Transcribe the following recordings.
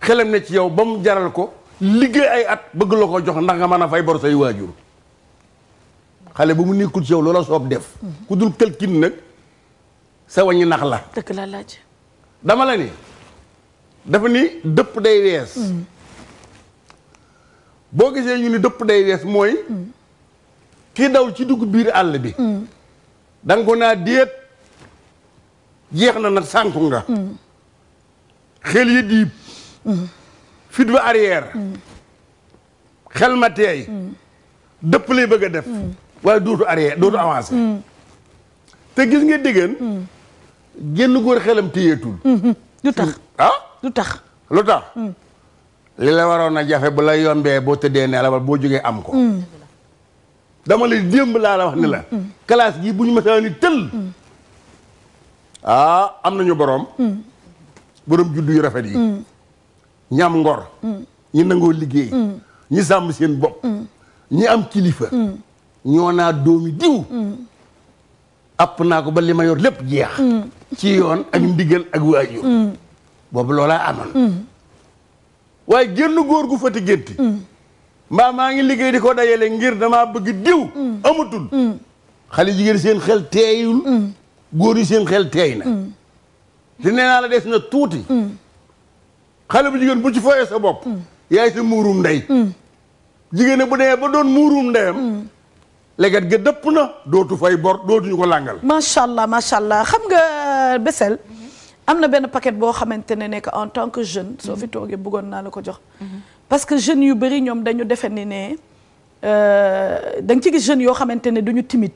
xelam ne ci yow ba mu jaral ko liggéey ay at bëgg la ko jox ndax nga mën a fay bor say waajur xale ba mu nekkul ci yow loola soob def mhm. ku dul këlkin nag sa wañi nax la dëgg la laaj dama la ni dafa ni dëpp day wees mhm. boo gisee ñu ni dëpp day wees mooy mhm. kii daw ci dugg biir àll bi da ko naa déet jeex na nag sànku nga xel yi diib fit ba arrière. xel ma teey dëpp lay bëgg a def. waaye dootu arrière dootu avancé. te gis nga déggan. génn góor xelam téyeetul. du tax ah du tax. lu tax. li la waroon a jafe bu la yombee boo tëddee ne la wala boo jógee am ko. dama lay démb laa la wax ni la. classe gi bu ñu mësaa ni tël. ah am nañu borom. borom juddu yu rafet yi. ñam am ngor mm. ñi nangoo liggéey mm. ñi sàmm seen bopp mm. ñi am kilifa ñoo naa doomi diw app naa ko ba li lépp jeex ci yoon ak ndigal ak waajur boobu loolaa amoon waaye génn góor gu fati génti mbaa maa ngi liggéey di ko dajale ngir damaa bëgg diw amatul xale jigéen seen xel teeyul góor yi seen xel teey na te nee naa la des na tuuti xale bu jigéen bu ci fooyee sa bopp. yaay sa muurum ndey. jigéen bu demee ba doon muurum ndeyam. légat ga dëpp na dootu fay bor dootuñu ko làngal. macha allah macha allah xam nga Bessél. am na benn paquet boo xamante ne nekk en tant que jeune. soo fi toogee bëggoon naa la ko jox. parce que jeunes yu bëri ñoom dañu defe ni ne euh, da nga ci gi jeunes yoo xamante ne duñu timide.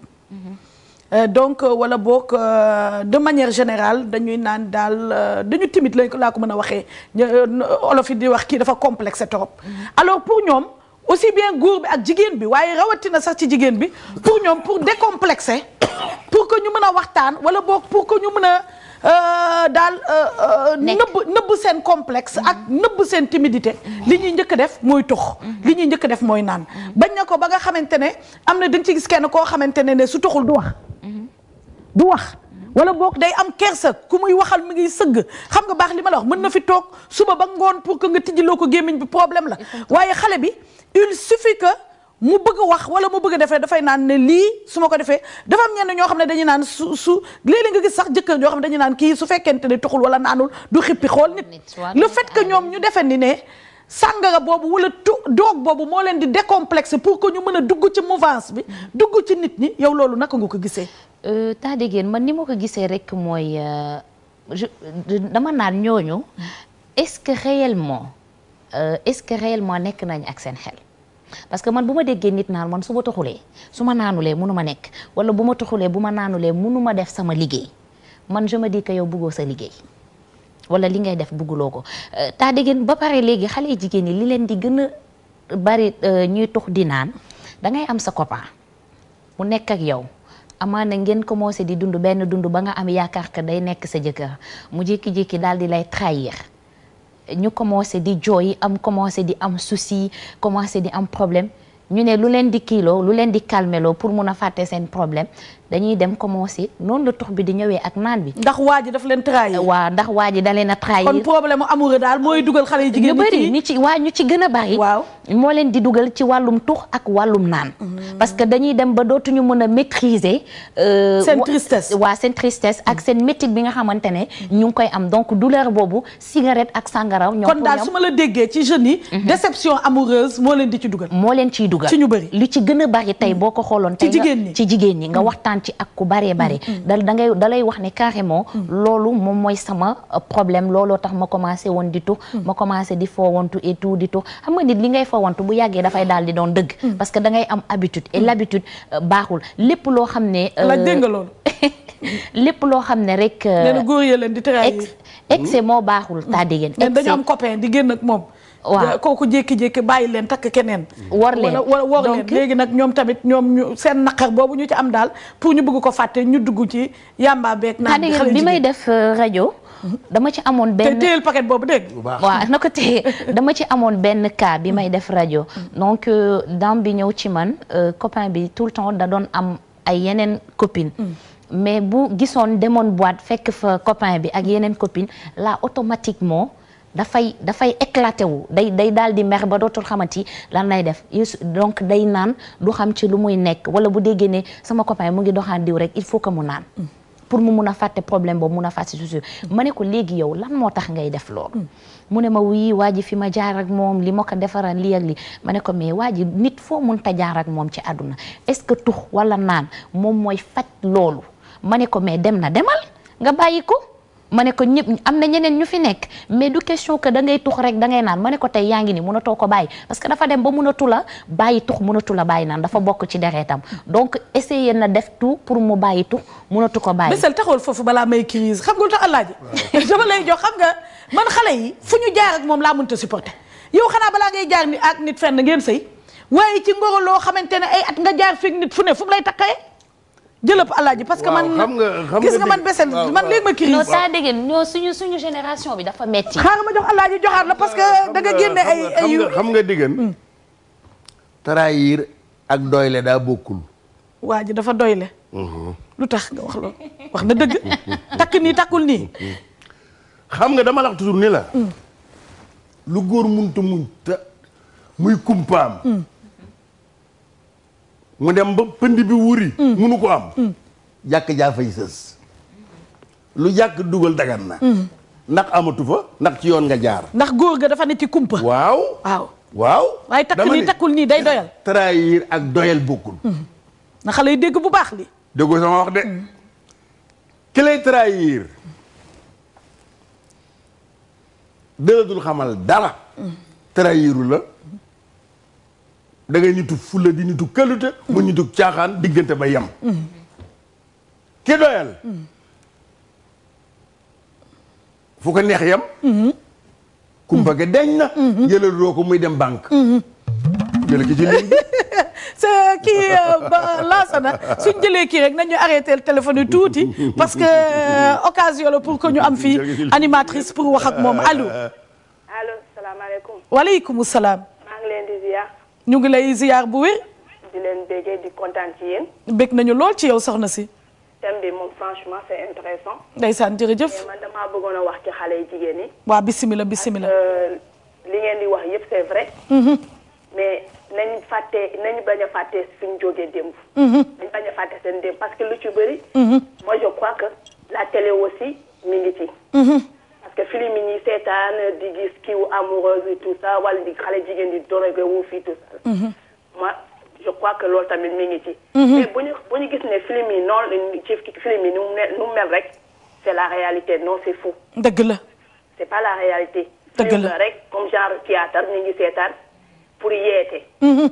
Euh, donc euh, wala boog euh, de manière générale dañuy naan daal dañu timide lañ ko laa ko mën a waxee olof yi di wax kii dafa complexe trop mm-hmm. alors pour ñoom aussi bien góor bi ak jigéen bi waaye rawatina sax ci jigéen bi pour ñoom pour décomplexer pour que ñu mën a waxtaan wala boog pour que ñu mën a daal nëbb nëbb seen complexe ak mm-hmm. nëbb seen timidité mm-hmm. li ñuy njëkk def muy tux li ñuy njëkk def mooy naan bañ na ko ba nga xamante ne am na dañ ci gis kenn koo xamante ne ne su du wax du wax wala boog day am kersa ku muy waxal mu ngi sëgg xam nga baax li ma la wax mën na fi toog suba ba ngoon pour que nga tijjiloo ko gémmiñ bi problème la waaye xale bi il suffit que mu bëgg a wax wala mu bëgg a defee dafay naan ne lii su ma ko defee dafa am ñenn ñoo xam ne dañuy naan su su léeg-léeg nga gis sax jëkkër ñoo xam ne dañuy naan kii su fekkente ne tuxul wala naanul du xippi xool nit le fait que ñoom ñu defee ni ne sàngara boobu wala tu doog boobu moo leen di décomplexe pour que ñu mën a dugg ci mouvance bi dugg ci nit ñi yow loolu naka nga ko gisee euh, taa déggéen man ni ma ko gisee rek mooy euh, dama naan ñooñu est-ce que réellement euh, est-ce que réellement nekk nañ ak seen xel parce que man bu ma déggee nit naan man su ma toxulee su ma naanulee munu ma nekk wala bu ma toxulee bu ma naanulee munu ma def sama liggéey man je me dis yow buggoo sa liggéey wala li ngay def bugguloo ko euh, taa dégg ba pare léegi xale yi jigéen ñi li leen di gën a bari euh, ñuy tux di naan da ngay am sa copain mu nekk ak yow amaana ngeen commencé di dund benn dund ba nga am yaakaar que day nekk sa jëkkër mu jékki-jékki daal di lay trahir ñu commencé di jooy am commencé di am souci commencé di am problème. ñu ne lu leen di kiiloo lu leen di calmeloo pour mun a fàtte seen problème dañuy dem commencer noonu la tux bi di ñëwee ak naan bi. ndax waa ji daf leen trahir. waa ndax waa ji dalee na a trahir. kon problème mu amoureux daal mooy dugal xale yu jigéen ñi ñu bëri ñu waa ñu ci gën a bari. waaw moo leen di dugal ci wàllum tux ak wàllum naan. Mm-hmm. Mm. parce que dañuy dem ba dootuñu mën a maîtriser. Euh, seen tristesse waa seen tristesse ak seen métit bi nga xamante ne. Mm. ñu ngi koy am donc douleur boobu cigarette ak sangara. ñoom kon daal su ma la déggee ci jeunes yi. Mm-hmm. déception amoureuse moo leen di ci dugal. moo leen ciy dugal ci ñu bëri. li ci gën a bari tey mm. boo ko xooloon. ci jigéen ñi ci jigéen ñi nga waxtaan ci ak ku baree bare. da da ngay da lay wax ne carrément. loolu moom mooy sama euh, problème looloo tax ma commencé woon di tux. ma commencé di foowantu et tout di tux xam nga nit li ngay foowantu bu yàggee dafay daal di doon da l'habitude et l'habitude euh, baaxul lépp loo xam ne. Euh, la dégg nga lépp loo xam ne rek. Euh, nee na góor yi leen di trahir. excès hmm? moo baaxul taa hmm. dégg ngeen. dañu am copain di génn ak moom. waaw kooku jékki-jékki bàyyi leen takk keneen. Hmm. war leen wala war léegi nag ñoom tamit ñoom ñu seen naqar boobu ñu ci am daal pour ñu bugg ko fàtte ñu dugg ci yàmbaa beeg. naan bi may def rajo. dama ci amoon benn te boobu dégg waaw na dama ci amoon benn cas bi may def rajo donc euh, dam bi ñëw ci man euh, copain bi tout le temps da doon am ay yeneen copine mm. mais bu gisoon demoon boîte fekk fa copain bi ak yeneen copine là automatiquement dafay dafay éclaté wu day day daal di meex ba dootul xamati lan lay def donc day naan du xam ci lu muy nekk wala bu déggee ne sama copain mu ngi doxaan diw rek il faut que mu naan mm. pour mu mun a fàtte problème boobu mun a fàtte souci ma ne ko léegi yow lan moo tax ngay def loolu mu ne ma wii waa ji fi ma jaar ak moom li ma ko defaral lii ak lii ma ne ko mais waaji nit foo mun ta jaar ak moom ci àdduna est-ce que tux wala naan moom mooy faj loolu ma ne ko mais dem na demal nga bàyyi ko ma ne ko ñëpp am na ñeneen ñu fi nekk mais du question que da ngay tux rek da ngay naan ma ne ko tey yaa ngi ni mënatoo ko bàyyi parce que dafa dem ba mënatu la bàyyi tux mënatu la bàyyi naan dafa bokk ci dereetam donc essayer na def tout pour mu bàyyi tux mënatu ko bàyyi bésal taxawal foofu balaa may crise xam nga lu tax àllaaji dama lay jox xam nga man xale yi fu ñu jaar ak moom laa mënta supporter yow xanaa balaa ngay jaar ni ak nit fenn ngeen sëy waaye ci ngoro loo xamante ne ay at nga jaar fii nit fu ne fu mu lay takkee jëlëb allaaj parce que man. gis nga man besen man léegi ma crise non saa dégg ñoo suñu suñu génération bi dafa metti xaaral ma jox alaaji joxaat la parce que da nga génne ay ay xam nga diggan hmm. doyle daa bokkul ji dafa doyle mhm. lu na dëgg takk nii takkul nii xam nga dama lax toujours ni la hmm. lu góor munta muñ muy kumpaam hmm. mu dem ba pënd bi wuri mm. munu ko am mm. jàkk jaa fay sës lu jàkk dugal dagan na mm. ndax amatu fa ndax ci yoon nga jaar ndax góor gi dafa ne ci kumpa waaw waaw waaw waaye takk nii takkul nii day doyal trahir ak doyal bokkul na xale yi dégg bu baax li déggoo sama wax de ki lay trahir dëladul xamal dara trahiru la da ñu nitu fulla di nitu këlute mu nitu caaxaan diggante ba yem ki doyal fu ko neex yem kumpa ga deñ na jëlal doo ko muy dem banque jël ki ci sa kii euh, laasana suñ jëlee rek nañu arrêté téléphone yi tuuti parce que euh, occasion la pour que ñu am fii animatrice pour wax ak moom allo allo salaamaaleykum waaleykum salaam maa ngi leen di ziar ñu ngi lay ziyaar bu wér. di leen déggee di kontaan ci yéen. bég nañu lool ci yow soxna si. thème bi moom franchement c'est intéressant. ndeysaan jërëjëf. mais man damaa bëggoon a wax ci xale yu jigéen ñi. waa bisimilah bisimilah. Euh, li ngeen di wax yëpp c'est vrai. Mm-hmm. mais nañu fàtte nañu bañ a fàtte suñu jógee démb. Mm-hmm. nañu bañ a fàtte parce que lu ci bëri. Mm-hmm. moi je crois que la télé aussi mi ngi ci. parce que film yi ñuy seetaan di gis kiw amoureuse et tout ça wala di xale jigéen di dorogé wu fii tout ça. Mhm. ma je crois que loolu tamit mi ngi ci. Mhm. mais ñu gis ne film yi noonu ci film yi nu mel rek c' la réalité non c' est faux. dëgg la. c' est pas la réalité. dëgg rek comme genre théâtre ñu ngi seetaan pour yeete. Mhm.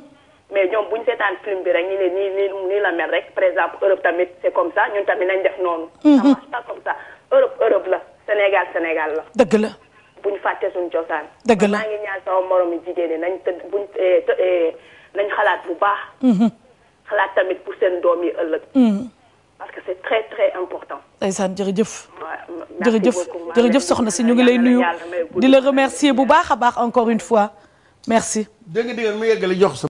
mais ñoom bu ñu seetaan film bi rek ñu ne ni nii nii la mel rek par exemple Europe tamit c' est comme ça ñun tamit nañ def noonu. ça marche Europe Europe la. Sénégal Sénégal la. dëgg la. bu ñu fàtte suñu cosaan. dëgg la maa ngi ñaan sama jigéen ñi nañ tëdd buñ eh, eh, xalaat bu baax. Mm-hmm. xalaat tamit pour seen doom yi ëllëg. Mm-hmm. parce que c'est très très important. ndeysaan jërëjëf. jërëjëf jërëjëf soxna si ñu ngi lay nuyu di la remercier bu baax a baax encore une fois merci. dégg nga dégg nga jox